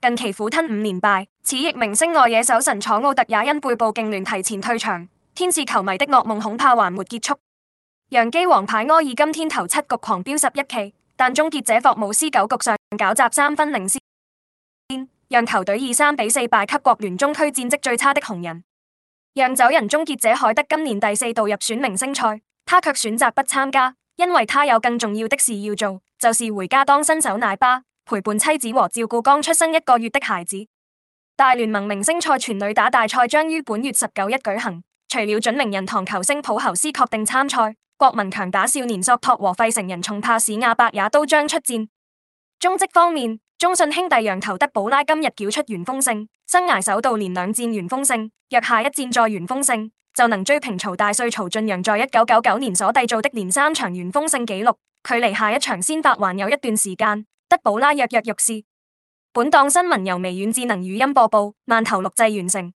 近期苦吞五連敗，此役明星外野手神楚奧特也因背部痙攣提前退場，天使球迷的噩夢恐怕還沒結束。洋基王牌柯爾今天投七局狂飆十一期，但終結者霍姆斯九局上搞砸三分領先，讓球隊以三比四敗給國聯中區戰績最差的紅人。讓走人終結者海德今年第四度入選明星賽，他卻選擇不參加，因為他有更重要的事要做，就是回家當新手奶爸。陪伴妻子和照顧剛出生一個月的孩子。大聯盟明星賽全壘打大賽將於本月十九日舉行。除了準名人堂球星普侯斯確定參賽，國民強打少年索托和費城人重炮史亞伯也都將出戰。中職方面，中信兄弟洋投德保拉今日繳出完封勝，生涯首度連兩戰完封勝。若下一戰再完封勝，就能追平曹大帥曹俊陽在一九九九年所締造的連三場完封勝紀錄。距離下一場先發還有一段時間。德寶拉躍躍欲試。本檔新聞由微軟智能語音播報，饅頭錄製完成。